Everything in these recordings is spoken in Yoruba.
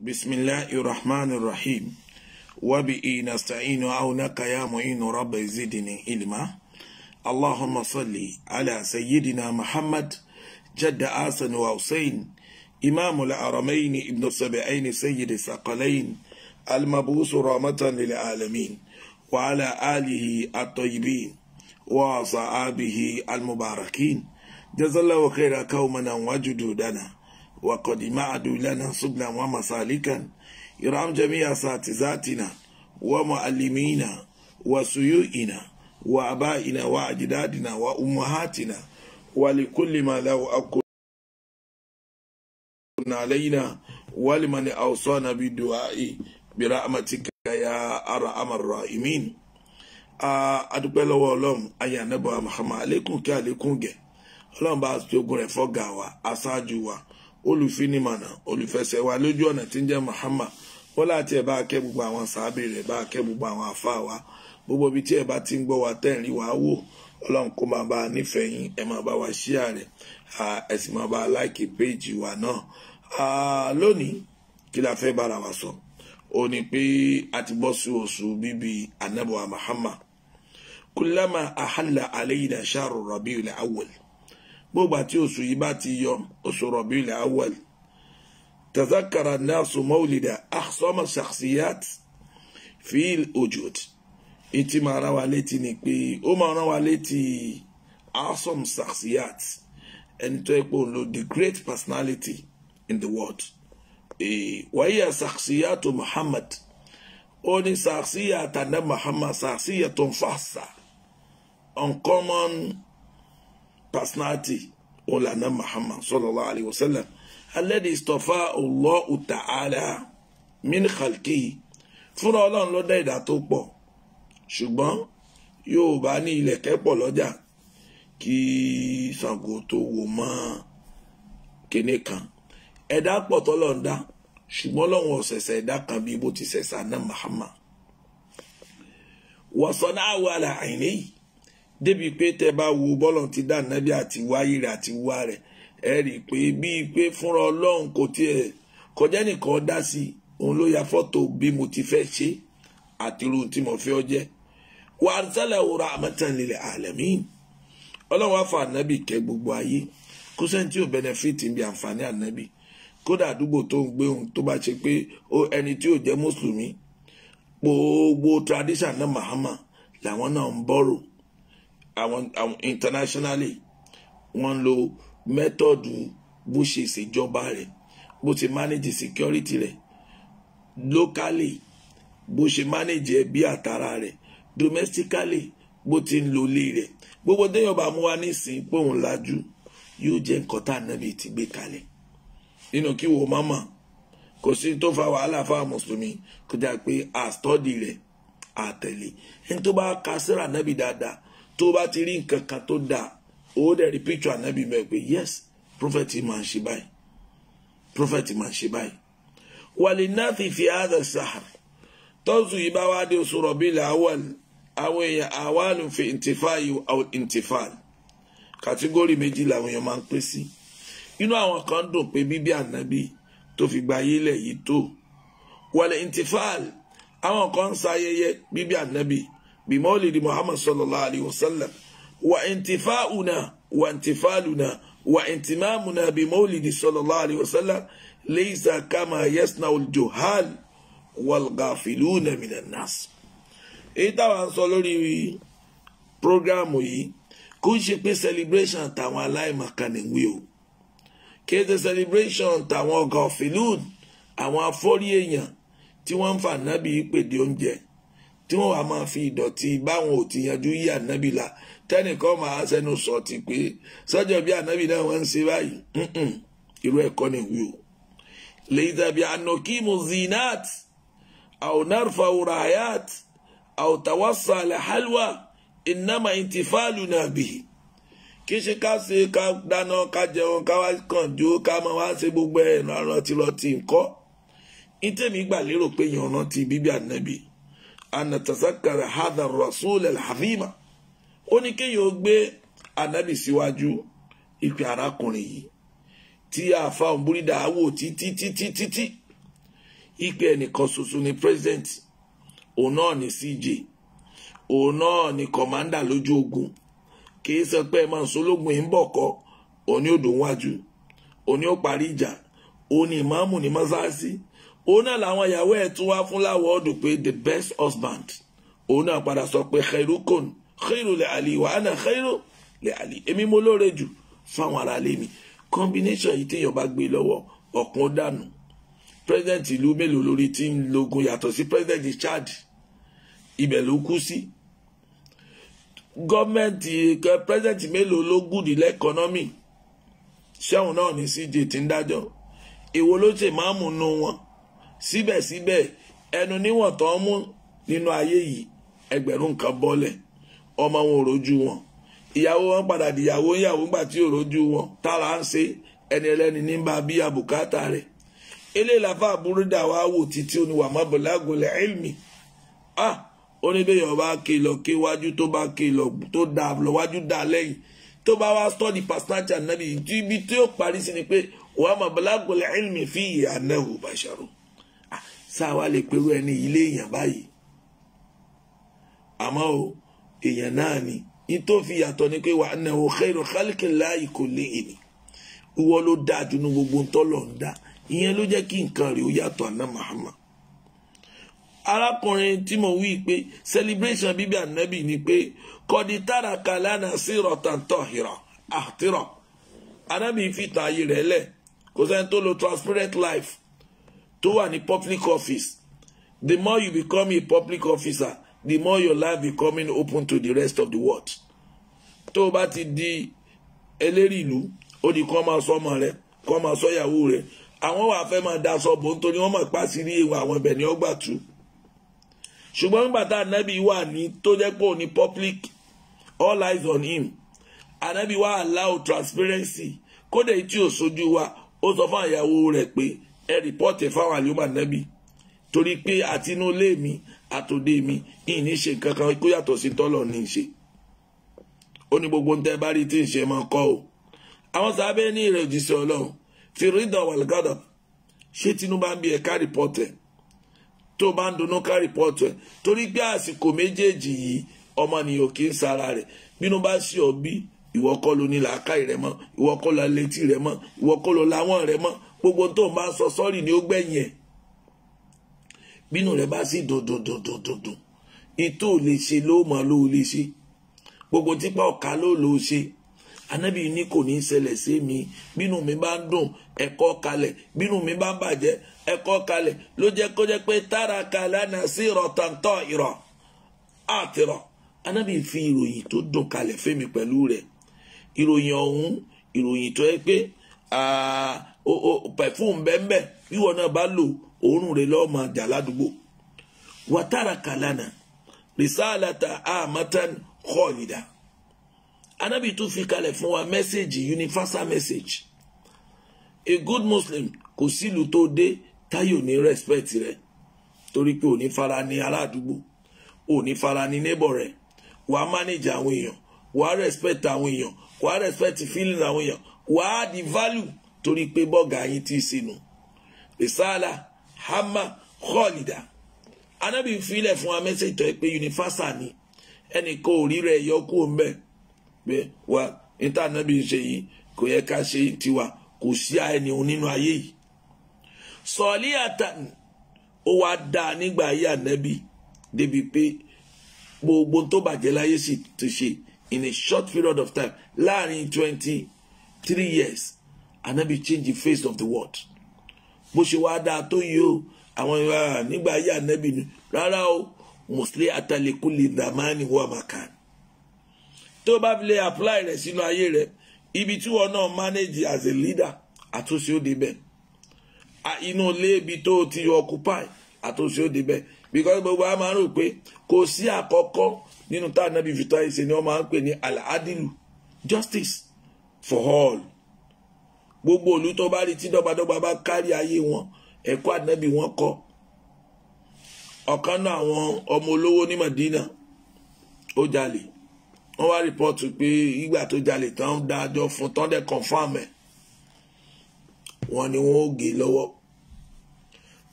بسم الله الرحمن الرحيم وبئي نستعين عونك يا معين رب زدني علما اللهم صل على سيدنا محمد جد آسن وحسين إمام الأرمين ابن السبعين سيد الثقلين المبعوث رحمة للعالمين وعلى آله الطيبين وصحابه المباركين جزا الله خير قومنا وجدودنا وقد معدوا لنا سبلا ومسالكا إرام جميع أساتذتنا ومعلمينا وسيوئنا وأبائنا وأجدادنا وأمهاتنا ولكل ما له أكل علينا ولمن أوصانا بالدعاء برحمتك يا أرحم الراحمين adúpẹ́ lọ́wọ́ ọlọ́run ayé ànábọ̀ àmàhàmà àlékún kí àlékún gẹ̀ ọlọ́run bá fi wa aṣáájú olùfinimọ̀nà olùfẹsẹ̀ wa lójú ọ̀nà tí ń jẹ́ Muhammad wọ́n láti ẹ̀ bá kẹ́ gbogbo àwọn sàábì rẹ̀ bá kẹ́ gbogbo àwọn àfáà wa gbogbo ibi tí ẹ̀ bá ti ń gbọ́ wa tẹ́ẹ̀rí wa wò ọlọ́run kó máa bá a nífẹ̀ẹ́ yín ẹ máa bá wa ṣíà rẹ̀ ẹ sì máa bá a láìkì péèjì wa náà lónìí kí la fẹ́ bára wa sọ ó ní pé a ti bọ́ sí oṣù bíbí anabuwa Muhammad kullama ahalla alayna shahru rabiul awwal gbogbo àti oṣù yìí bá ti yọ oṣù Rabiul Awwal tazakara nasu mawlida akhsoma shakhsiyat fil ojud ìtì máa rán wa létí ni pé ó máa rán wa létí akhsom shakhsiyat ẹni tó epo ń lo the great personality in the world wàyíyà shakhsiyat Muhammad ó ní shakhsiyat tànà Muhammad shakhsiyat tó uncommon personality ọ̀làna muhammad sallallahu alayhi wa sallam alladhi istafa Allahu ta'ala min khalqihi fúnra ọlọ́run ló dá ẹ̀dá tó pọ̀ ṣùgbọ́n Yorùbá ní ilẹ̀kẹ̀ pọ̀ lọ́jà kí Ṣàngó tó wò mọ́ kinní kan ẹ̀dá pọ̀ tọ́lọ̀ ń dá ṣùgbọ́n lọ́wọ́ ọ̀sẹ̀sẹ̀ ẹ̀dá kan bí bó ti ṣẹ̀ṣà náà muhammad wọ́n sọ náà wà láàrin yìí débi pé tẹ bá wo bọ́lọ̀ ti dá nábì àti wáyé rẹ̀ àti wá rẹ̀ ẹ rí i pé bíi pé fúnra ọlọ́run kò tiẹ̀ kọjá nìkan dá sí i òun ló ya fọ́tò bí mo ti fẹ́ ṣe àti irú tí mo fẹ́ ọ jẹ́ wà á sálẹ̀ òra àmọ́tánilẹ̀ àlẹ́mí ọlọ́run àfa ànábì kẹ́ gbogbo ayé kó tí ò bẹ́nẹ́fìtì bí àǹfààní ànábì kódà àdúgbò tó ń gbé òun tó bá ṣe pé ẹni tí ò jẹ́ mùsùlùmí gbogbo tradition náà mahama làwọn náà ń bọ̀rọ̀ àwọn àwọn internationally wọ́n ń lo mẹ́tọ́ọ̀dù bó ṣe ṣèjọba rẹ̀ bó ṣe manage security rẹ̀ locally bó ṣe manage ẹbí àtàrà rẹ̀ domestically bó ti ń lo ilé rẹ̀ gbogbo déyàn bá mú wa nísìnyí pé òun lajú yóò jẹ́ nǹkan tá ànábì ti gbé kalẹ̀ nínú kí wo mọ́mọ́ kò sí tó fa wàhálà fáwọn mùsùlùmí kó dáa pé àstọ́dì rẹ̀ àtẹ̀lé ẹni tó bá ka síra ànábì dáadáa tó bá ti rí nǹkan kan tó dáa ó dẹ̀ rí picture ànábì mẹ́ pé yes prophet máa ń ṣe báyìí prophet máa ń ṣe báyìí walinathi fi hadha sahar tọ́sù yìí bá wá dé oṣù rọ̀bìlà àwọn àwọn èèyàn àwọn fi intifáyì intifáyì kàtígórì méjì làwọn èèyàn máa ń pín sí inú àwọn kan dùn pé bíbí ànábì tó fi gba ayélẹ̀ yìí tó wàlẹ̀ intifáyì àwọn kan ń sayẹyẹ bíbí ànábì بمولد محمد صلى الله عليه وسلم وانتفاؤنا وانتفالنا وانتمامنا بمولد صلى الله عليه وسلم ليس كما يصنع الجهال والغافلون من الناس èyí táwa ń sọ lórí prógráàmù yìí kò ń ṣe pé celebration tàwọn aláìmọ̀kan nìwé o kì í ṣe celebration tàwọn ọ̀gá ọ̀fìlúùn àwọn afọ́rí èèyàn tí wọ́n ń fà nábì pèdè oúnjẹ tí wọ́n wà máa fi ìdọ̀tí báwọn ò ti yanjú yí ànábì la tẹ́nìkan máa sẹ́nu sọ ti pé sọ́jọ́ bí ànábì náà wọ́n ń ṣe báyìí irú ẹ̀kọ́ ni wí o. lèyìntà bíi anokimu zinat aunarfa urayat autawasa alhalwa innama intifalu nabi kí ṣe ká ṣe ká dáná ká jẹun ká wá kàn jó ká máa wá ṣe gbogbo ẹ̀ rántí lọ́ọ́ ti ní tèmi gbà lérò pé yàn rántí bíbí ànábì. anatazakkara hadha rasul alhazima ó ní kéèyàn ó gbé anabi síwájú ìpè arákùnrin yìí tí àáfà òǹbúrídà wò títí títí títí ìpè ẹnìkan ṣoṣo ní president òun náà ní cj òun náà ní commander lójú ogun kìí sọ pé ẹ máa ń sológun yìí ń bọ̀ kọ́ ni ni ni òun náà làwọn ìyàwó ẹ̀ tún wá fún láwọ́ọ̀dù pé the best husband òun náà padà sọ pé khairukun khairu le ali wa ana khairu le ali èmi mo lóore jù fáwọn aráalé mi combination yìí téèyàn bá gbé lọ́wọ́ ọ̀kun dànù president ìlú mélòó lórí tí ń lógun yàtọ̀ sí president Chad ibẹ̀ ló kú sí gọ́ọ̀mẹ̀ntì president mélòó ló gùdì lẹ́kọ̀ọ́nọ́mì ṣẹ́hùn náà ní CJ ti ń dájọ́ èwo ló ṣe máàmù nù wọn síbẹ̀síbẹ̀ ẹnu níwọ̀n tó ń mú nínú ayé yìí ẹgbẹ̀rún kan bọ́lẹ̀ ọmọ wọn ò rojú wọn ìyàwó wọn padà dìyàwó ìyàwó ńgbà tí ò rojú wọn tára ń ṣe ẹni ẹlẹ́ni ní bá bí àbùkátà rẹ̀ eléyìí làfà búrúdà wa wò títí oníwà mọ́bìlágùnlẹ̀ ilmi ah oníbẹ̀yẹ̀ ọba kìlọ̀ kí wájú tó bá kìlọ̀ tó dà lọ́wájú dà lẹ́yìn tó bá wá study personality anabi ibi tí ó parí sí ni pé wàá mọ̀bìlágùnlẹ̀ ilmi fi ìyànà ò bàṣàrò sáà wá lè perú ẹni ilé èèyàn báyìí àmọ́ o èèyàn náà ni ní tó fi yàtọ̀ ni pé wà á nà ó khairu khalqi Allahi kullihi ìwọ ló dáa jù ní gbogbo ń tọ́lọ̀ ń dá ìyẹn ló jẹ́ kí nǹkan rẹ̀ ó yàtọ̀ àná Muhammad arákùnrin tí mo wí pé celebration bíbí ànábì ni pé kọ́dí tára kalana sí rọ̀tàntọ̀ hìrọ̀ àtìrọ̀ ànábì fìtà ayé rẹ̀ lẹ̀ kò sẹ́ni tó lo transparent life tó wà public office the more you become a public officer the more your life becoming open to the rest of the world tó o ti di eleri lu o di koma máa sọ́mọ rẹ kọ́ máa sọ́yàwó rẹ àwọn wàá fẹ́ máa daṣọ bò ń torí wọ́n máa pa sí ní ìwà àwọn ibẹ̀ ni ọgbà tú ṣùgbọ́n nígbà tá ànábì wà ní tó jẹ́ pé òní public all eyes on him A ànábì wà allow transparency kódà iti o sojú wa ó sọ fún àyàwó rẹ̀ ẹ rìpọ́ọ̀tì ẹ̀ fáwọn àlùmọ̀ ànábì torí pé àtinúlé mi àtòdé mi ìyìn ní ṣe nǹkan kan kó yàtọ̀ sí tọ́lọ̀ ní ṣe ó ní gbogbo ń tẹ́ bá rí tí ń ṣe máa kọ́ o àwọn sábẹ́ ní ìrẹ̀ òjíṣẹ́ ọlọ́run fi rídà wàlgádà ṣé tinú ń bí ẹ ká tó bá ń dunnú ká rìpọ́ọ̀tì ẹ̀ torí pé àsìkò méjèèjì yìí ọmọnìyàn kì í sara rẹ̀ bínú bá sí ọ bí ìwọ kọ́ ní làákàyè rẹ mọ́ ìwọ kọ́ ló létí mọ́ ìwọ kọ́ láwọn rẹ mọ́ gbogbo tó ń bá sọ sọ́ọ̀rì ni ó gbẹ̀yìn ẹ̀ bínú rẹ̀ bá sì dòdòdòdòdò ètò lè ṣe ló mọ̀ ló lè ṣe gbogbo tipa ọ̀ka ló lò ó ṣe anábì ní kò ní í ṣẹlẹ̀ sí mi bínú mi bá ń dùn ẹ̀kọ́ kalẹ̀ bínú mi bá ń bàjẹ́ ẹ̀kọ́ kalẹ̀ ló jẹ́ kó jẹ́ pé tára kalẹ̀ àná sí ìrọ̀tàntọ́ ìrọ̀ àtìrọ̀ anábì fi ìròyìn tó dùn kalẹ̀ fẹ́mi pẹ̀lú rẹ̀ ìròyìn ọ̀hún ìròyìn tó yẹ pé Ah, pẹfúm bẹ́ẹ̀nbẹ́ẹ́ wíwọ náà bá lò òórùn rẹ̀ lọ́ọ́ máa jà ládùúgbò wàtàrà kàlánà rìsáàlàtà àmàtàn kọ́ọ̀lìdà anábì tún fi kalẹ̀ fún wa mẹ́sẹ̀gì universal message a good muslim kò sílùú tó dé táyò ní respect rẹ torí pé òní fara ní aládùúgbò òní fara ní neighbor rẹ wàá manage àwọn èèyàn wàá respect àwọn èèyàn wàá respect feeling àwọn èèyàn wàá di value torí pé bọ́gà yín ti sínú risala hama kọ́ọ̀lìdà anábì filẹ̀ fún wa mẹ́sẹ̀ tọ́ ẹ pé unifásà ni ẹnì kan ò rí rẹ̀ yọ kúrò ńbẹ̀ pé wa níta anábì ń ṣe yìí kò yẹ ká ṣe tiwa kò sí ẹni nínú ayé yìí sọ̀ọ́lì àtàn ó wá dá a nígbà ayé ànábì débi pé gbogbo tó bàjẹ́ láyé sì ti ṣe in a short period of time láàrin twenty three years and then anabi change the face of the world bó ṣe wá dáa tó yìí o àwọn ìwà nígbà ayé anabi ni rárá o mùsùlùmí atalẹ̀kùn lè dàmánì wọ àmàkà tó bá fi lè apply rẹ̀ sínú ayé rẹ̀ ibi tí wọn náà manage as a leader àtúnṣe ó débẹ̀ inú ilé ibi tó ti occupy àtúnṣe ó débẹ̀ because gbogbo a máa ń rò pé kò sí àkọ́kọ́ nínú tá anabi fi tọ́ ni wọ́n máa ń pè ní aladilu justice for all gbogbo olu tó bá rí tí dọ́gbadọ́gba bá kárí ayé wọn ẹ̀kọ́ ànábì wọn kọ́ ọ̀kan náà àwọn ọmọ olówó ní Madina ó jalè wọ́n wá rìpọ́tù pé ìgbà tó jalè tán ń dájọ́ fún tán dẹ̀ confam ẹ̀ wọ́n ní wọ́n ó gé lọ́wọ́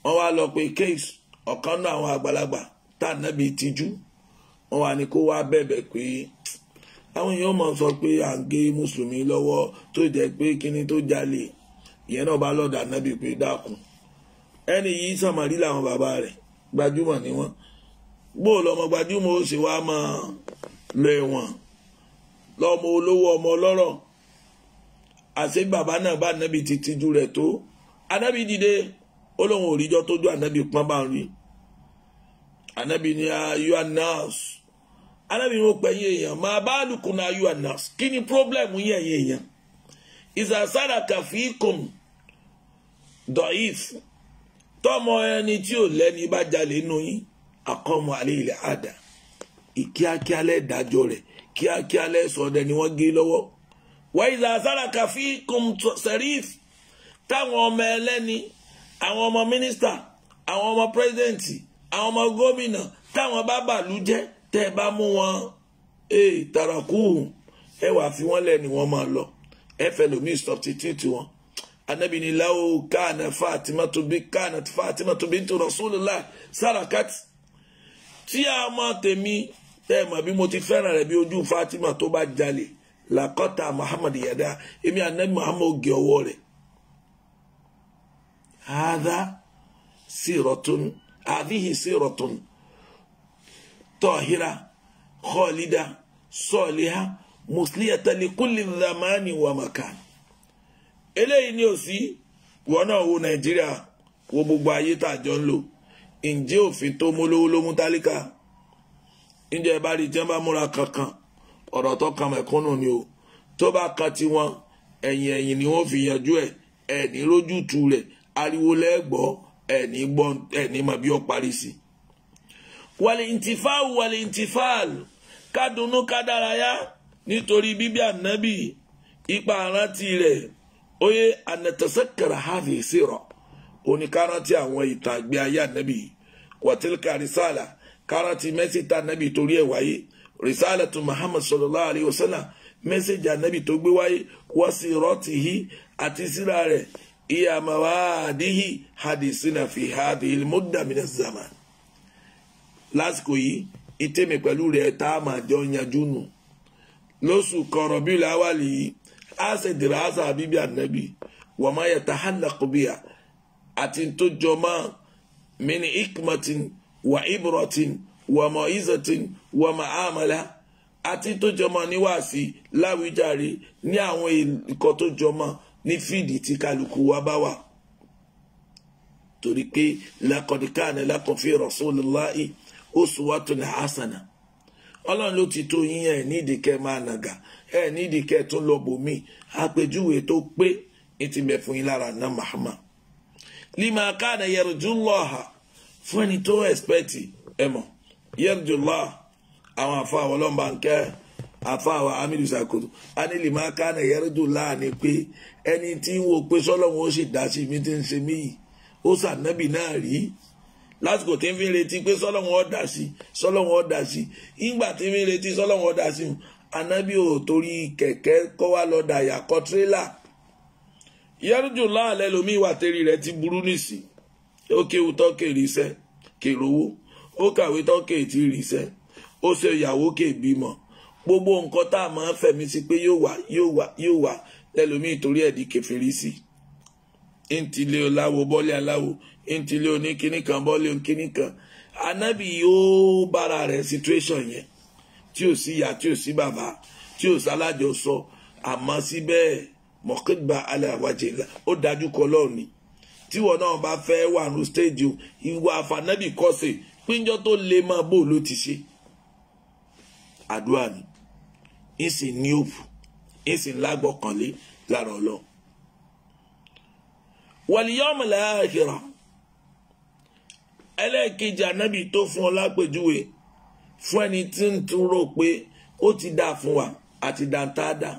wọ́n wá lọ pé case ọ̀kan náà àwọn àgbàlagbà tá ànábì tijú wọ́n wá ní kó wá bẹ̀bẹ̀ pé àwọn èèyàn máa sọ pé à ń gé mùsùlùmí lọ́wọ́ tó jẹ́ pé kíní tó jalè ìyẹn náà bá lọ́dà nábì pé dákun ẹni yìí sàmárì làwọn bàbá rẹ̀ gbajúmọ̀ ni wọ́n bó lọmọ gbajúmọ̀ ó sì wá máa lọ ẹ̀wọ̀n lọmọ olówó ọmọ ọlọ́rọ̀ àṣé bàbá náà bá nábì ti tijú rẹ̀ tó anábì dìde ó lóun ò ríjọ́ tó dún anábì pọ́n bá rí anábì ni ayo anas alábi yóò pẹ̀ yín èèyàn máa bá lùkùn náà yóò àná kí ni problem yín ẹ̀yìn èèyàn ìsàsára kàfíkùn dọ̀ìf tọmọ ẹni tí ò lẹ́ni bá jalè nù yín àkọ́mọ alẹ́ ilẹ̀ àdá ìkíákíá lẹ́ẹ̀dájọ́ rẹ̀ kíákíá lẹ́sọ̀ọ́dẹ ni wọ́n gé lọ́wọ́ wà ìsàsára kàfíkùn sẹ̀ríf táwọn ọmọ ẹlẹ́ni àwọn ọmọ mínísítà àwọn ọmọ pírẹ́sidẹ̀ǹtì àwọn ọmọ gómìnà táwọn bá bàlú jẹ́ tẹ́ ẹ bá mú wọn ee eh, tàràkù ẹ wàá fi wọ́n lẹ̀ ni wọ́n máa lọ ẹ fẹ́ lómi substitute wọn anabi ni lawo kaana fatima tó bí kaana fatima tó bí tó rasulillah sarakat tí a máa tèmi tẹ́ ẹ mọ̀ bí mo ti fẹ́ràn rẹ̀ bí ojú fatima tó bá jalè làkọ́ta muhammad yada èmi anabi muhammad gé ọwọ́ rẹ̀ hadha siratun hadhihi siratun tọ́hírà kọ́ọ̀lídà sọ́ọ̀líhá mùsùlùmí لكل zamani wà màkà eléyìí ni ò sí wọn náà wo nàìjíríà wo gbogbo ayé tá a jọ ń lò ǹjẹ́ òfin tó mú lówó ló mú tálíkà ǹjẹ́ ẹ bá rí jẹ́ bá múra kankan ọ̀rọ̀ tó kan mẹ̀kúnnù ni o tó bá kan tiwọn ẹ̀yìn ẹ̀yìn ni wọ́n fi yanjú ẹ̀ ẹ̀ ní lójútu rẹ̀ ariwo lẹ́gbọ́ ẹ̀ ní gbọ́ ẹ̀ ní mọ̀ bí ó parí sí i wàlìntìfáàlù wàlìntìfáàlù ká dunnú ká dárayá nítorí bíbí ànábì ipa àrántí rẹ̀ oyè ànàtẹ̀sẹ̀kẹ̀rẹ̀ hàdì sírọ̀ oníkárántí àwọn ìtàgbé ayé ànábì wàtílkà rìsálà kárántí mẹ́sìtà ànábì torí ẹ̀ wáyé rìsálà tu muhammad sallallahu alayhi wa sallam mẹ́sẹ̀jì ànábì tó gbé wáyé wọ́n sì rọ́ọ̀tì yìí àti síra rẹ̀ ìyàmọ̀wá àdìhì hàdì fi hàdì ilmúdàmínà zaman lásìkò yìí ìtẹ̀mí pẹ̀lú rẹ̀ tá a máa jọ yanjú nù lóṣù kọ̀rọ̀ bí làwálì yìí á sì dìrà á sà bíbí ànábì wọ́n máa yẹ ta hànà kọ́bíà àti tó jọ mọ́ mini ikmatin wà ibrotin wà mọ̀ izatin wà mọ̀ àmàlà àti tó jọ mọ́ níwáàsí láwíjàre ní àwọn nǹkan tó jọ mọ́ ní fídì tí kálukú wa bá wà torí pé lakọ̀díkà ni lakọ̀fẹ́ rasulillahi. uswatun hasana ọlọrun ló ti tó yín nídìí máa nàgà e, ẹ̀ nídìí kẹ́ tún lọ bòmíì àpèjúwe tó pé ní ti bẹ̀ fún yín lára náà Muhammad lima kana yarjullaha fún ẹni tó mọ̀ àwọn àfa àwọn ń kẹ́ àfa amílù sàkóso lima ni pé ẹni tí ń wo pé sọ́lọ́run ó sì dá sí mi ti ń ṣe mí lásìkò tí ń fi retí pé sọlọ́wọ́n ọ̀dà sí sọlọ́wọ́n ọ̀dà sí ìgbà tí ń fi retí sọlọ́wọ́n ọ̀dà sí anábì ò torí kẹ̀kẹ́ kọ́ wá lọ dàyà kọ́ tírélà yẹ́rùjù láàlẹ́ lomi ìwà tẹ́rì rẹ̀ ti burú nìsí ó kéwu tán kèrè iṣẹ́ kèrè owó ó kàwé tán kèétí rìṣẹ́ ó ṣe ìyàwó kèébímọ gbogbo nǹkan tá a máa ń fẹ̀mí sí pé yóò wà yóò wà yóò wà lẹ́lòmíì torí ẹ̀dí kẹfìrí sí i ń tilé ọláwo bọ́lé aláwo ntìlẹ oníkíní kan bọ́ọ̀lì oníkíní kan anábì yóò bára rẹ̀ situation yẹn tí ò sí ìyá tí ò sí bàbá tí ò sálájọ sọ àmọ́ síbẹ̀ mọ̀kìdìbà alẹ́ àwájẹ ó dájú kọ lọ́ọ̀ ni tíwọ náà bá fẹ́ wà ní stéèjì ìwà àfànábì kọ́sẹ̀ pínjọ́ tó lè mọ bó ló ti ṣe àdúrà ni ń ní òpù ń sì lágbọ̀kànlé lára ọlọ́ wàlíyọ́mù làákìrà ẹlẹ́ẹ̀kejì ànábì tó fún ọ lápèjúwe fún ẹni tí ń tún rò pé ó ti dà fún wa àti dàntàdà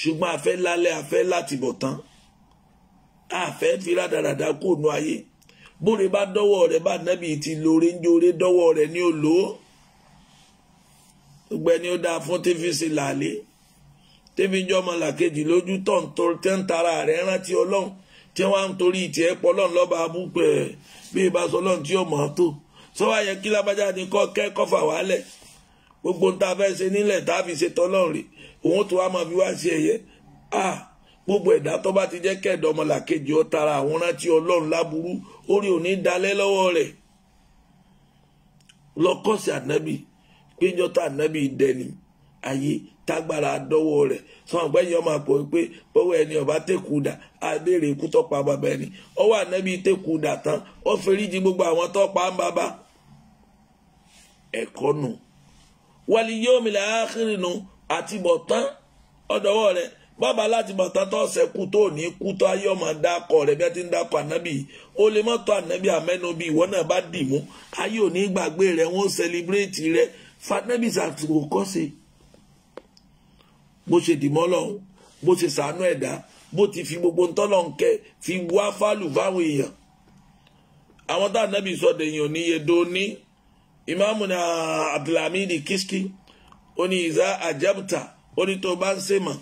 ṣùgbọ́n àfẹ́ lálẹ́ àfẹ́ láti bọ̀ tán àfẹ́ fi rádaràdà kò nu ayé bóre bá dọ́wọ́ rẹ̀ bá nábì ti lóore ń jóore dọ́wọ́ rẹ̀ ní òlò gbogbo ẹni ó dáa fún tí fi ṣe làálé tẹ́mi jọmọ làkejì lójú tọ̀ǹtọ̀ tẹ́ ń tara rẹ̀ rántí ọlọ́run tí wọ́n á ń torí ìtì ẹ̀ pọ̀ ọlọ́run lọ́ba abúpẹ́ bí ìbá sọ lọ́run tí yóò mọ̀ ọ́ tó sọ́wọ́ yẹ kí lábájá ni kọ́ kẹ́kọ̀ọ́ fà wálẹ̀ gbogbo ń ta fẹ́ ṣe nílẹ̀ tá a fi ṣe tọ́lọ́run rè òun tó wá máa fi wá ṣe ẹ̀yẹ gbogbo ẹ̀dá tó bá ti jẹ́ kẹ́ẹ̀dọ́ ọmọlàkejì ó tara àwọn rántí ọlọ́run láburú orí òní dalẹ́ lọ́wọ́ rẹ̀ lọ́kọ̀ọ̀sì ànábì péjọ́ta ànábì dẹni ayé tágbára dọ́wọ́ rẹ̀ sọ̀rọ̀ gbẹ́yìn ọmọ àpò pé bọ́wọ́ ẹni ọba tẹ́kùdà abéèrè ikú tọ́pa bàbá ẹni ọwọ́ ànábì tẹ́kùdà tán ó foríjì gbogbo àwọn tọ́pa ń bàbá ẹ̀kọ́ nù wálé yóò mi là áhìrì nù àti bọ̀tán ọ̀dọ́wọ́ rẹ̀ bàbá láti bọ̀tán tó ṣẹ́kù tó ní kú tó ayé ọmọ dákọ̀ rẹ̀ bí wọ́n ti ń dákọ̀ ànábì ó lè mọ́tò ànábì àmẹ́nubí ìwọ náà bá dì mú ayé òní gbàgbé rẹ̀ wọ́n sẹlibrétì rẹ̀ fanabi sàtìkò kọ́ bó ṣe dìmọ́ lọ́hùn bó ṣe sàánú ẹ̀dá bó ti fi gbogbo ntọ́lọ̀ ń kẹ́ fi wá fálù fáwọn èèyàn àwọn tá ànábì sọdẹ èèyàn níye dóní ìmáàmù náà ah, abdulhamid kiski ó ní ìzá àjẹbùtà ó ní tó bá ń ṣe mọ̀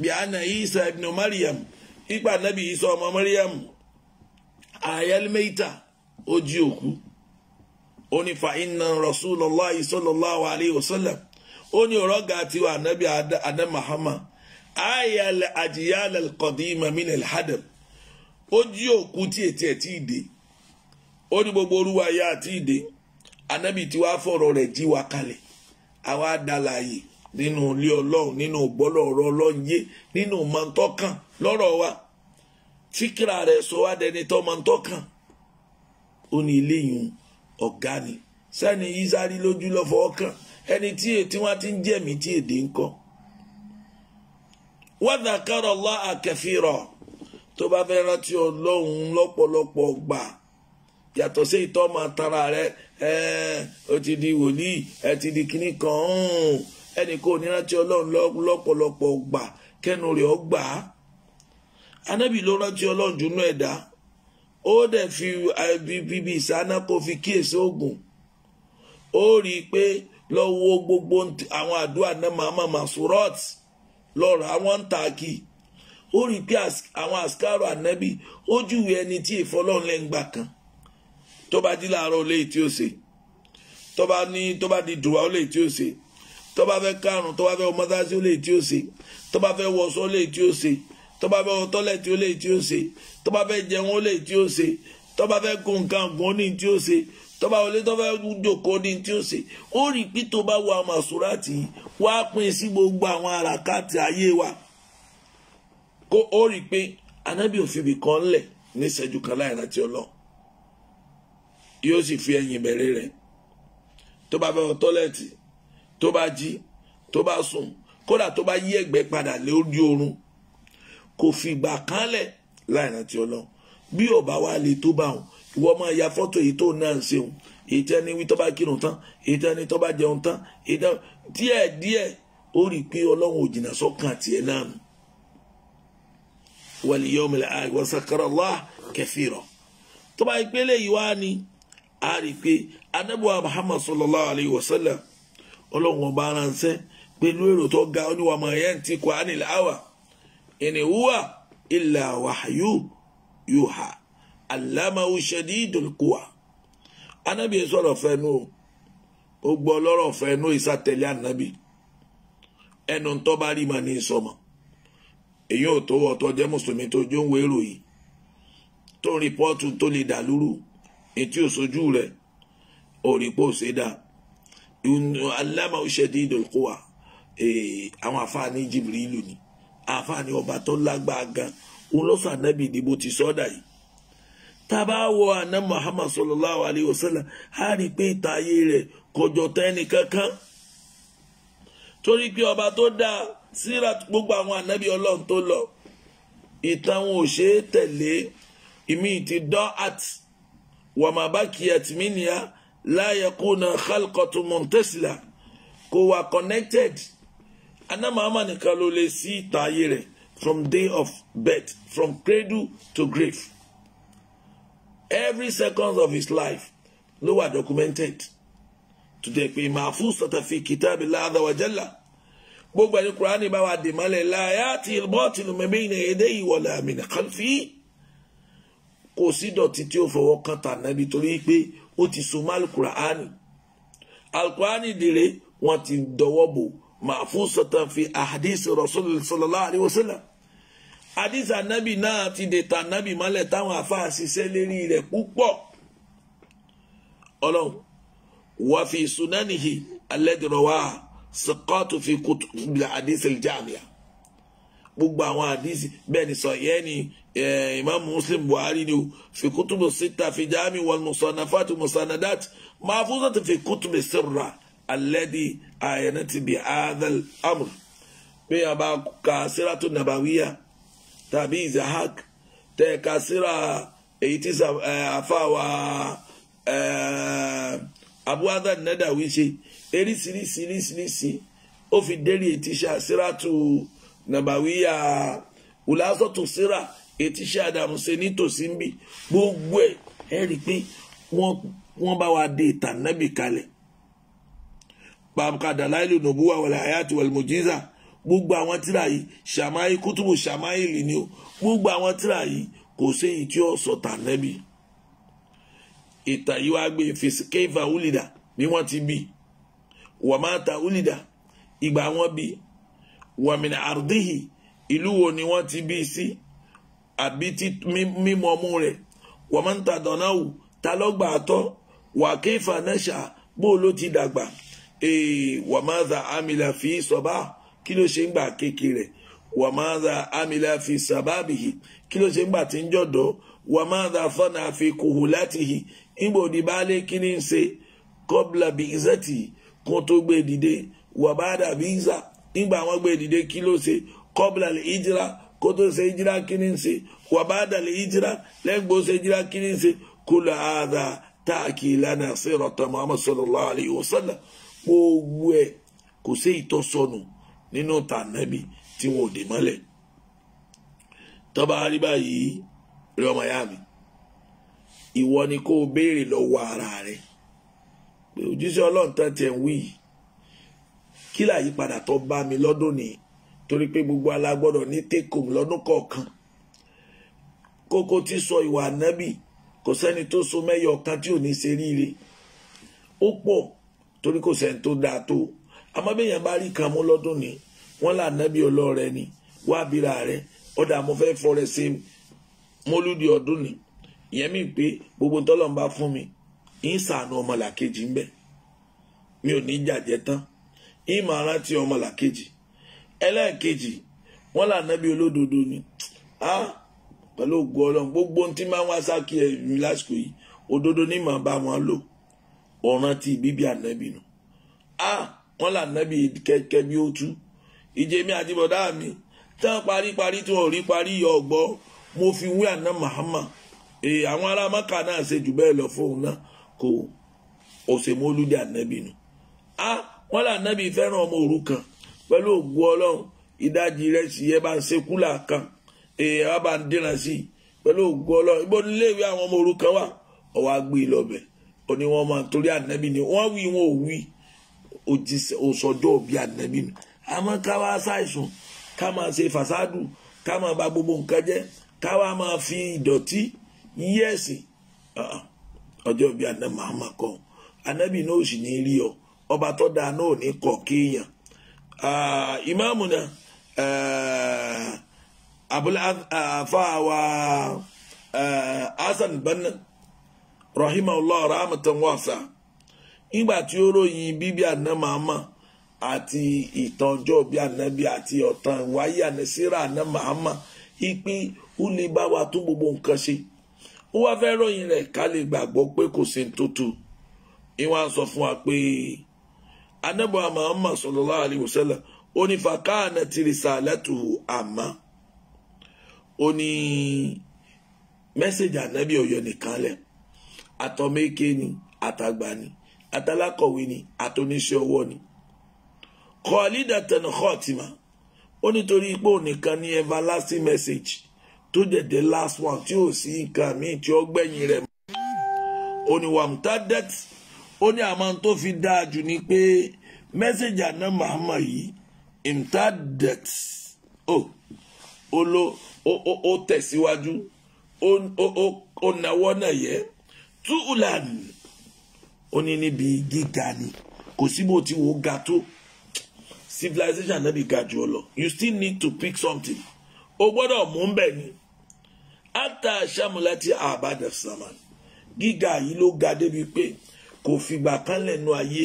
bí àná isa ibn mariam ipa ànábì isa ọmọ mariam ayélujára ó òkú ó fa inna rasulallah sallallahu alayhi wa sallam. onye ọrọ ga ati anabi adam mahama ayal ajiyal alqadima min alhadam ó jí òkú tí ètí ẹ̀ tí gbogbo ya ati ide anabi tí wàá fọ̀rọ̀ rẹ̀ jí wa kalẹ̀ àwa dàlàyé nínú ilé ọlọ́run nínú gbọ́lọ̀ ọ̀rọ̀ ọlọ́run yé nínú wa fíkìrà rẹ̀ sọ wá dẹni tọ́ mọ̀ntọ́kàn ó ní ilé yìí ọ̀gá ni sẹ́ni yíṣárí lójú ẹni tí ètí e- ti ń mi tí èdè e ń kọ́ wadhakara Allaha kathira tó bá fẹ́ rántí ọlọ́run lọ́pọ̀lọpọ̀ gbà yàtọ̀ sí ìtọ́ tara rẹ ẹ ti di wòlíì ẹ ti di kinní kan ẹnì kò ní rántí ọlọ́run lọ́pọ̀lọpọ̀ gbà kẹ́nu rẹ̀ ó gbà á anábì ló rántí ọlọ́run ẹ̀dá ó dẹ̀ fi eh, bíbí ìsáná kó fi kíyèsí ó rí i pé lọ wo gbogbo àwọn àdúrà náà màmá masurot lọ́rọ̀ àwọn ń taaki ó rí i pé àwọn àsikárò ànábì ó júwe ẹni tí ìfọlọ́run lẹ́ ń gbà kan tó bá dí láàárọ̀ léyìí tí ó ṣe tó bá ní tó bá di dùwà ó léyìí tí ó ṣe tó bá fẹ́ kárùn tó bá fẹ́ wọ mọ́sáàsì ó léyìí tí ó ṣe tó bá fẹ́ wọṣọ ó léyìí tí ó ṣe tó bá fẹ́ wọ tọ́lẹ̀tì ó léyìí tí ó ṣe tó bá fẹ́ jẹun ó léyìí tí ó ṣe tó bá fẹ́ gun nǹkan gùn ó ní tí ó ṣe tọ́ba wọlé tọ́ba jòkó ní tí ó ṣe ó rí pé tó bá àwọn àsúrátì yìí pín sí gbogbo àwọn àràkàtì ayé wa kó ó rí pé anábì òfìbì kan ńlẹ̀ ní ìṣẹ́jú kan láìra tí ó lọ yóò sì fi ẹ̀yìn bẹ̀rẹ̀ rẹ̀ tó bá fẹ́ wọ tọ́lẹ̀tì tó jí tó sùn kódà tó yí ẹ̀gbẹ́ padà lórí oorun kò fìgbà kan lẹ̀ láìra tí ó bí ó bá wá tó bá wọn wọ́n máa ya fọ́tò èyí tó náà ń ṣeun èyí tí ẹni wí tó bá kírun tán èyí tí ẹni tó bá jẹun tán èyí tí díẹ̀ díẹ̀ ó rí i pé ọlọ́run ò jìnnà sọ́kàn tiẹ̀ náà nù. wal yawmil akhir wa sakara Allah kathira tó bá pé léyìí wá ni a rí i pé anábùwà Muhammad sallallahu alayhi wa sallam ọlọ́run ọba aránṣẹ́ pẹ̀lú èrò tó ga oníwà ma yantiqu anil hawa in huwa illa wahyu yuha allamahu shadidul quwa anabi sọ̀rọ̀ fẹ́nu o ó gbọ́ lọ́rọ̀ fẹ́nu ìsàtẹ̀lẹ̀ anabi ẹnu tó bá rí ma ní sọmọ èyí ò tó wọ́ tó jẹ́ mùsùlùmí tó jó ń wo èrò yìí tó ń rìpọ́ọ̀tù tó lè dà lúrú etí òṣojú rẹ̀ ò rí pò ṣe dá allamahu shadidul quwa àwọn àfáàní Jibrilu ni àfáàní ọba tó lágbára gan òun ló sànẹ́bì ìdìbò ti sọ́dà yìí tábà wọ Muhammad sallallahu alayhi wa sallam á rí i pé ìtayé rẹ̀ kọjọ tẹ́ni kankan torí pé ọba tó dáa síra gbogbo àwọn ànábì ọlọ́run tó lọ ìtàn wọn ò ṣeé tẹ̀lé ìmí ti dán at wàmàbákì àtìmínìyà láàyè kùnà khalqatu muntasila kò wà connected anamama nìkan ló lè sí ìtàn ayé from day of birth from cradle to grave every second of his life ló wà documented tó jẹ́ pé màfú sọ̀tàfi kìtàbí láàdá wàjálà gbogbo ẹni kúránì bá wà dèmọ́lẹ̀ láyà tí bọ́ọ̀tìlù mẹ́mí ní èdè ìwọ̀lẹ̀ àmìnà kálfì kò sí dọ̀tí tí ó fọwọ́ kan tànà nítorí pé ó ti so mọ́ alukùránì alukùránì dèrè wọ́n ti dọwọ́ bò màfú sọ̀tàfi àdìsí rọ̀ṣọ́lẹ̀ sallallahu alaihi wasallam àdìsá nábì náà ti dètò ànábì mọ́lẹ̀ táwọn àfáà ṣiṣẹ́ lérí rẹ̀ púpọ̀ ọlọ́run wà fi sunanihi alẹ́dìrọ̀wá sọkọ́tù fi kutu àdìsí jàmíà gbogbo àwọn àdìsí bẹ́ẹ̀ ni sọ̀yẹ́ ni imam muslim buhari ni o fi kutubu sita fi jami wal musanafati musanadat mahfuzati fi kutubu sirra alẹ́dì àyẹ̀nẹ́tì bi adal amr bí a bá ka síratu nàbàwíyà tàbí izahak tẹ ka síra èyí tí àfàwà abuada nẹdàwí ṣe eríṣiríṣiríṣiríṣi ó fi dérí ètíṣà síratu nàbàwíyà wùlásọ̀tún síra ètíṣà àdàmú ṣe nítòsí ń bì gbogbo ẹ̀ ẹ̀ rí i pé wọ́n bá wa dé ìtàn nábì kalẹ̀ pàmkàdà láìlú nùbúwà wàlẹ̀ àyàtì wàlẹ̀ mùjíza gbogbo àwọn tíra yìí ṣàmáyé kútùbù ṣàmáyé lì ní o gbogbo àwọn tíra yìí kò séyìí tí ó sọ̀tà nẹ́bí ìtàn yìí wá gbé fèsì kéfà wúlìdà bí wọ́n ti bí wàmáta wúlìdà ìgbà wọn bí wàmìnà àrùdíhì ìlú wo ni wọ́n ti bí sí àbí mímọ ọmú rẹ̀ wàmáta dọ̀náwù ta lọ́gbà àtọ́ wà kéfà náṣà bó ti dàgbà wàmáta amìlà fi sọ́bà. So kí ló ṣe ń gbà kékeré rẹ̀ wàmáàdà amílà fi sàbábìhì kí ló ṣe ń gbà tí ń jọ̀dọ̀ wàmáàdà fọ́nà fi kùhù látìhì ìgbò ní baálé kí ni ń ṣe kọ́bla bí ìzẹ́tì kó tó gbé e dìde wàbáàdà bí ìzà nígbà wọn gbé e dìde kí ló ṣe kọ́bla lè ìjìrá kó tó ṣe ìjìrá kí ni ń ṣe wàbáàdà lè ìjìrá lẹ́gbó ṣe ìjìrá kí ni ń ṣe kúlọ̀ àdà táàkì ìlànà sírọ̀tà Muhammad sallallahu alayhi wa sallam gbogbo nínú tànẹ́bì tí wọn ò dè mọ́lẹ̀ tọ́ba rí báyìí rí ọmọ ìyá mi ìwọ ni kó o béèrè lọ́wọ́ ara rẹ pé òjíṣẹ́ ọlọ́run tán tiẹ̀ ń wí yìí kí láyí padà tó bá mi lọ́dún nìyí torí pé gbogbo alágbọ́dọ̀ ní tẹ́kùn lọ́dún kọ̀ọ̀kan kókó tí sọ ìwà ànábì kò sẹ́ni tó so mẹ́yọ̀ kan tí ò ní ṣe ríire ó pọ̀ torí kò sẹ́ni tó dáa tó o àmọ́ bẹ́ẹ̀ yẹn bá rí kan mú lọ́dún ni wọ́n là nábì ọlọ́rẹ ni wá bíra rẹ ọ̀dà mo fẹ́ fọrẹ ṣe mọ́lúdi ọdún ni ìyẹn mi pé gbogbo tọ́lọ́n bá fún mi ń sànù ọmọlàkejì ń bẹ̀ mi ò ní jàjẹ́ tán ń máa rántí ọmọlàkejì ẹlẹ́ẹ̀kejì wọ́n là nábì olódodo ni á pẹ̀lú ògùn ọlọ́run gbogbo ohun tí máa ń wá sákì ẹ̀yìn lásìkò yìí òdodo ní màá bá wọn lò ọ̀ràn bíbí ànábì nù á. Ah, wọ́n là nábì kẹ́kẹ́ bí ó tú ìjẹmí àti bọ̀dá mi tán paríparí tí wọn ò rí parí yọ ọgbọ mo fi wí àná Muhammad èè àwọn ará maka náà ṣe jù bẹ́ẹ̀ lọ fóun náà kò òṣèmólúdé ànábì nù á wọn là nábì fẹ́ràn ọmọ òrukàn pẹ̀lú ògùn Ọlọ́run ìdajì rẹ̀ sì yẹ bá ń ṣe kúlà kan èè wá bá ń dínà sí i pẹ̀lú ògùn Ọlọ́run ibo nílé ìwé àwọn ọmọ òrukàn wà ọwọ́ agbé lọ́bẹ̀ ó ní wọ́n máa torí ànábì ni wọ́n wí wọn ò wí ó sọjọ́ òbí ànábì nù àmọ́ ká wá ṣàìsùn ká máa ṣe fàṣádù ká máa bà gbogbo nǹkan jẹ́ ká wá máa fi ìdọ̀tí yí ẹ̀sìn ọjọ́ òbí ànábì màmá kọ ànábì náà ò sì ní rí ọ ọba tó dáa náà ò ní kọ kéèyàn ìmáàmù náà abúlé àfáàwà hasan banna rahimahullah rahmatan wasa nígbà tí ó ròyìn bíbí àná màmá àti ìtànjọ́ bí ànábì àti ọ̀tàn ìwáyé ànásíra àná màmá ipe ó lè bá wa tún gbogbo nǹkan ṣe ó wá fẹ́ ròyìn rẹ̀ ká lè gbàgbọ́ pé kò sí tuntun ìwọ̀n à ń sọ fún wa pé ànábì màmá sallallahu alaihi wasallam ó ní fàkàánà ti risalatu àmọ́ ó ní mẹ́sẹ̀jì ànábì ọ̀yọ́ nìkan lẹ̀ àtọ̀mẹ́kẹ́ ni àtàgbà ni. Atagba atalákọ̀wé ni àtúnṣe ọwọ́ ni kọ́lídàtàn kọ́ọ̀tìmá ó nítorí pé ònìkan ní everlasting message tó dẹ̀dẹ̀ last one tí ò sí nǹkan míì tí ó gbẹ̀yìn rẹ̀ mọ́ oníwàmùtádẹ́t ó ní àmọ́ tó fi dáa jù ni pé mẹ́sẹ̀jì àná màmá yìí imtadẹ́t ó ó ló ó tẹ̀síwájú ó náwó náà yẹ túùlànì ó ní níbi gíga ni kò sí bó ti wò ó ga tó civilization náà bí ga jù ọ lọ you still need to pick something o gbọ́dọ̀ mú bẹ̀ ni ata samulati abadan saman gíga yìí ló ga débi pé kò fìgbà kan lẹ́nu ayé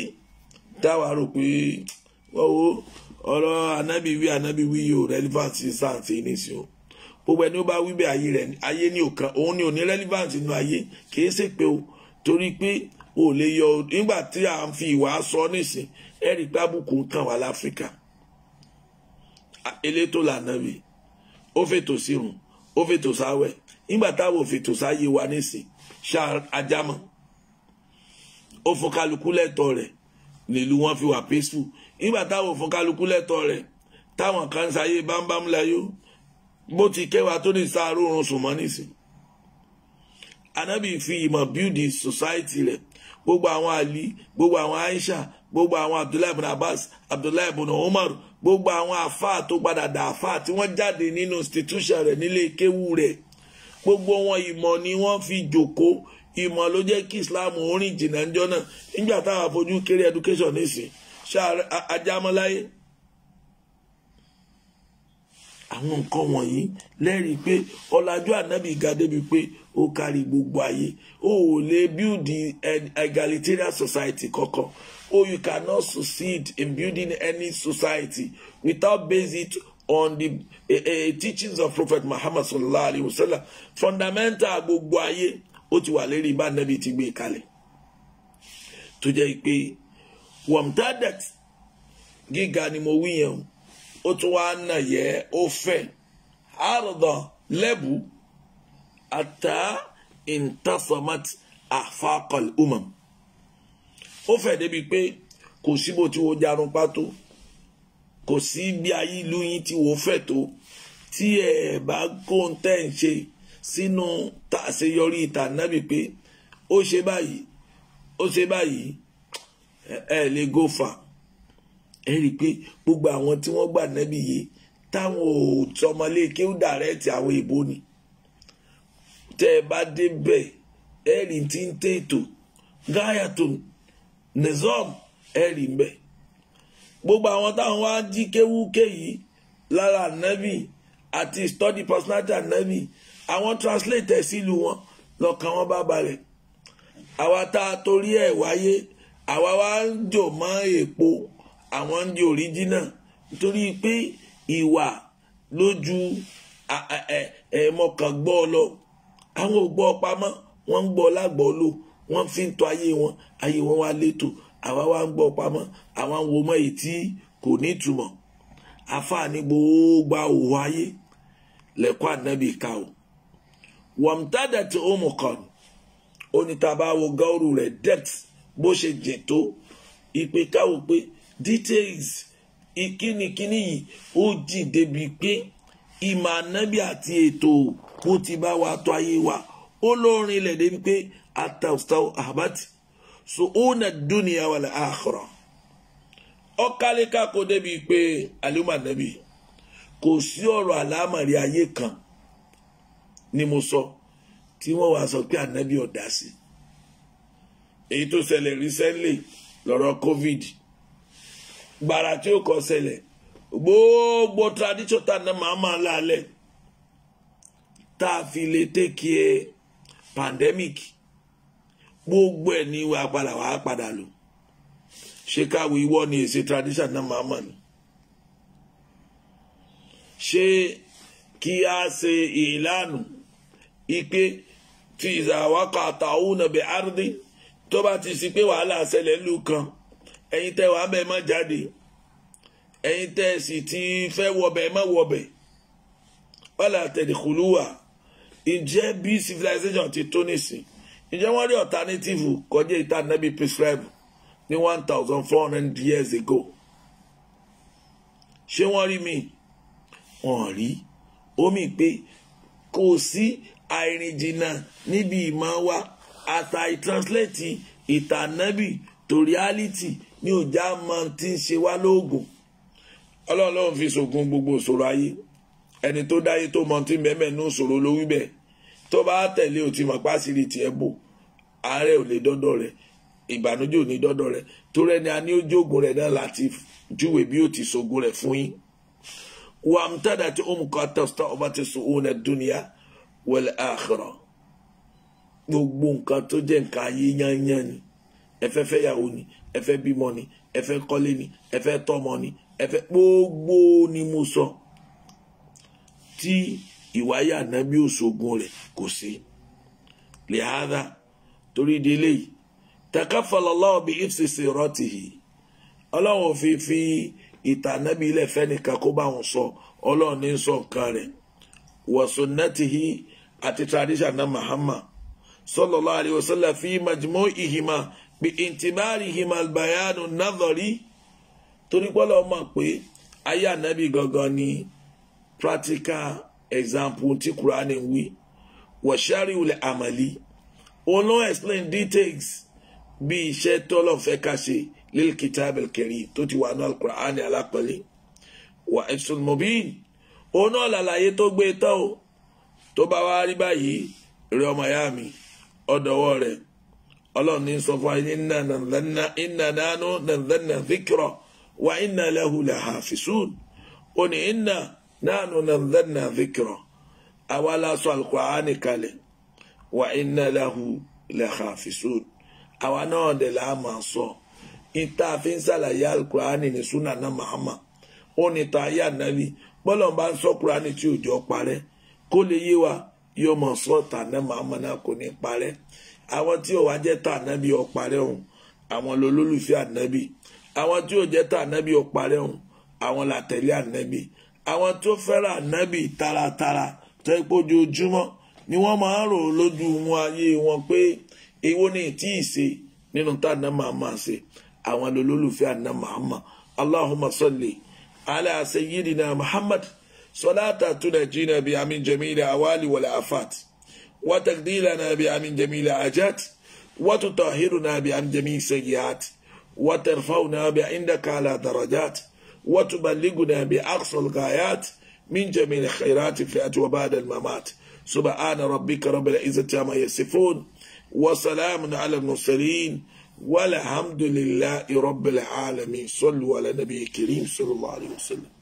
táwa rò pé wọ́wọ́ ọ̀rọ̀ anábì wí anábì wí yóò relevant sáǹtì ní sí o gbogbo ẹni ó bá wí bẹ́ẹ̀ ayé rẹ̀ ayé ní òkan òun ni ò ní relevant nínú ayé kìí ṣe pé o torí pé ò lè yọ nígbà tí à ń fi ìwà sọ nísìn ẹ̀rí gbábùkù kan wà láfíríkà elétò lànà mi ó fètò sírun ó fètò sáwẹ̀ nígbà táwọn òfètò sáyé wa nísìn ṣá ajámọ̀ ó fún kálukú lẹ́tọ̀ọ́ rẹ̀ nílùú wọn fi wà peaceful nígbà táwọn òfún kálukú lẹ́tọ̀ọ́ rẹ̀ táwọn kan sáyé bámbám láyó bó ti kẹwàá tó ní sáà rọrùn sùnmọ́ nísìn anábì fi ìmọ̀ build society rẹ̀ gbogbo àwọn ali gbogbo àwọn aisha gbogbo àwọn abdullahi ibn abbas abdullahi ibn umar gbogbo àwọn àfáà tó padà dà àfáà tí wọ́n jáde nínú institution rẹ̀ nílé kéwú rẹ̀ gbogbo wọn ìmọ̀ ni wọ́n fi jòkó ìmọ̀ ló jẹ́ kí islam orin jìnnà ń jọ náà nígbà táwọn afojú kéré education nísìn ṣáà ajámọ́láyé àwọn nǹkan wọ̀nyí lẹ́rìí pé ọ̀làjú ànábì ga débi pé ó kárí gbogbo ayé ó ò lè build egalitarian society kankan Oh, you cannot succeed in building any society without base it on the uh, uh, teachings of prophet muhammad sallallahu alayhi wa sallam fundamental gbogbo ayé ó ti wà lérí bá ànábì ti gbé kalẹ̀ tó jẹ́ pé wọ́n tádẹ̀t gíga ni mo wí yẹn o ó tún wá nàyẹ́ ó fẹ̀ àròdàn lẹ́bù àtà intafamat afakal umam ó fẹ̀ débi pé kò sí bó ti wo jarun pátó kò sí bí ayé ìlú yín ti wò fẹ̀ tó tí ẹ bá kó ń tẹ̀ ń ṣe sínú tàṣeyọrí ìta nábì pé ó ṣe báyìí ó ṣe báyìí ẹ lè go far ẹ rí i pé gbogbo àwọn tí wọ́n gbà nẹ́bí yìí táwọn ò tọmọlé kí ó dàrẹ́ẹ̀tì àwọn èèbó ni tẹ́ ẹ bá débẹ̀ ẹ rí ti ń tẹ́ ètò gáyàtò nizom ẹ rí ń bẹ̀ gbogbo àwọn táwọn wá jí kéwúké yìí lára nẹ́bí àti study personality nẹ́bí àwọn translate ẹ̀ sílùú wọn lọ́kàn wọn bá balẹ̀ àwa tá a torí ẹ̀ wáyé àwa wá ń jò mọ́ èèpo àwọn ń di òríjínà nítorí pé ìwà lójú ẹ̀ẹ̀mọ̀kàn gbọ́ ọ lọ àwọn ò gbọ́ pamọ́ wọ́n ń gbọ́ lágbọ́ lò wọ́n fi ń tọ ayé wọn ayé wọn wá létò àwa wá ń gbọ́ pamọ́ àwọn wo mọ́ èyí tí kò ní ìtumọ̀ àfààní gbogbo àwòwò ayé lẹ́kọ́ ànábì ká o wàmtádà tí ó mọ̀ kàn ó ní rẹ̀ dẹ́t bó ṣe jẹ̀ tó ìpè káwọ́ pé details ìkíníkíní yìí ó jìn débi pé ìmọ̀ ànábì àti ètò bó ti bá wa tó ayé wa ó lóorin ilẹ̀ débi pé atawusaw ahbati so ó na dúnìá wà lẹ́ àkọ́rọ̀ ọ̀kálíkà kò débi pé àlùmọ̀ ànábì kò sí ọ̀rọ̀ àlámọ̀rí ayé kan ni mo sọ tí wọ́n wá sọ pé ànábì ọ̀dà sí èyí tó ṣẹlẹ̀ recently lọ́rọ̀ covid gbàrà tí ó kọ ṣẹlẹ̀ gbogbo tradition tá a ná máa máa lálẹ́ tá a fi lè tẹ́kì ẹ pandemic gbogbo ẹ̀ ní wàá padà wàá padà lò ṣé káwé ìwọ ni èsì tradition náà máa mọ̀ ni ṣé kí a ṣe ìlànà ipe tí ìzàwákọ̀ àtàwọn ọ̀nà bẹ̀ árdín tó bá ti sí pé wàhálà ṣẹlẹ̀ lù kan ẹ̀yin tẹ́ wàá bẹ́ẹ̀ má jáde ẹ̀yin tẹ́ sì ti fẹ́ wọbẹ̀ ẹ má wọbẹ̀ wàlà tẹ̀dẹ̀kùlùwà ǹjẹ́ bí civilization ti tó nísìn ǹjẹ́ wọ́n rí alternative kọjá ìta nẹ́bí prescribe ní one thousand four hundred years ago ṣé wọ́n rí mi wọ́n rí omi pé kò sí àìrìnjìnnà níbi ìmọ̀ wa as I translate ìtànẹ́bì to reality ní òjá mọ tí ń ṣe wá lóògùn ọlọ́run ló ń fi ṣògùn gbogbo ìṣòro ayé ẹni tó dáyé tó mọ tí mẹ́mẹ́ nù ṣòro ló wí bẹ́ẹ̀ tó bá tẹ̀lé òtí mọ̀ pásìrì tiẹ̀ bò ààrẹ ò lè dọ́dọ̀ rẹ̀ ìbànújẹ́ ò ní dọ́dọ̀ rẹ̀ tó rẹ́ni a ní ó jogun rẹ̀ náà láti júwe bí ó ti ṣògùn rẹ̀ fún yín. wà á tẹ́lẹ̀ tí òun kọ́ tẹ̀sítọ́ ọba ti sùn òun dúnìyà wal akhirah gbogbo nǹkan tó jẹ́ nǹkan ayé yányán ni ẹ yàwó ni ẹ fẹ́ bímọ ni ẹ fẹ́ kọ́lé ni ẹ fẹ́ tọ́mọ ni ẹ fẹ́ gbogbo ni mo sọ tí ìwáyà ànábì òṣogun rẹ̀ kò sí lèhádà torí délé yìí takafalọlọ́wọ́ bí ifcc rọ́ọ̀tì yìí ọlọ́run òfin fi ìtàn ànábì ilẹ̀ fẹ́nìkan kó bá wọn sọ ọlọ́run ní sọ nǹkan rẹ̀ wàsùnẹ́tìhì àti tradition na Muhammad sallallahu alaihi fi majmọ́ ìhìmá bí ìtìmáàrí himalbayanu nadhari torí pọ́lọ́ mọ̀ pé ayé ànábì gangan ni practical example tí kúránì ń wí wọ̀ṣárì ulẹ̀ àmàlí òun ló explain details bí iṣẹ́ tọ́lọ̀ fẹ́ ká ṣe lil kitabil karim tó ti wà ní alukur'ani alápẹ̀lẹ́ wà ẹ̀sùn mubin òun náà làlàyé tó gbé e tán o tó bá wá rí báyìí rí ọmọ ìyá mi ọ̀dọ̀wọ́ rẹ̀ ọlọ́run ní sọ fún ayé iná nàdánná iná nánú nàdánná zikirọ wa iná lẹ́hùlẹ̀ hàfisùn ó ní iná nánú nàdánná zikirọ àwa la sọ alukur'ani kalẹ̀ wa iná lẹ́hùlẹ̀ hàfisùn àwa náà dẹ̀ la máa sọ ìta fi ń ṣàlàyé alukur'ani ní sunna náà Muhammad ó ní ta ayé ànábì bọ́lọ̀ bá ń sọ kur'ani tí òjò parẹ́ kó lè yé wa yóò mọ̀ sọ́ọ̀tà náà Muhammad náà kò ní parẹ́ àwọn tí ò wá jẹ́ tà nábì ọ̀parẹ́ òun àwọn lolólùfẹ́ ànábì àwọn tí ò jẹ́ tà nábì ọ̀parẹ́ òun àwọn làtẹ̀lé ànábì àwọn tó fẹ́ràn ànábì taratara tó ń pójoojúmọ́ ni wọ́n máa ń rò lójú wọn ayé wọn pé èwo ni ìtí ìṣe nínú tá àná máa máa ṣe àwọn lolólùfẹ́ àná máa mọ̀ Allahumma salli ala sayyidina Muhammad salata tunajina bi amin jamila awali wala afat. وتقضي بها من جميع حاجات وتطهرنا بها من جميع سيئات وترفعنا بعندك على درجات وتبلغنا بأقصى الغايات من جميع الخيرات في وبعد الممات سبحان ربك رب العزة عما يصفون وسلام على المرسلين والحمد لله رب العالمين صلوا على النبي الكريم صلى الله عليه وسلم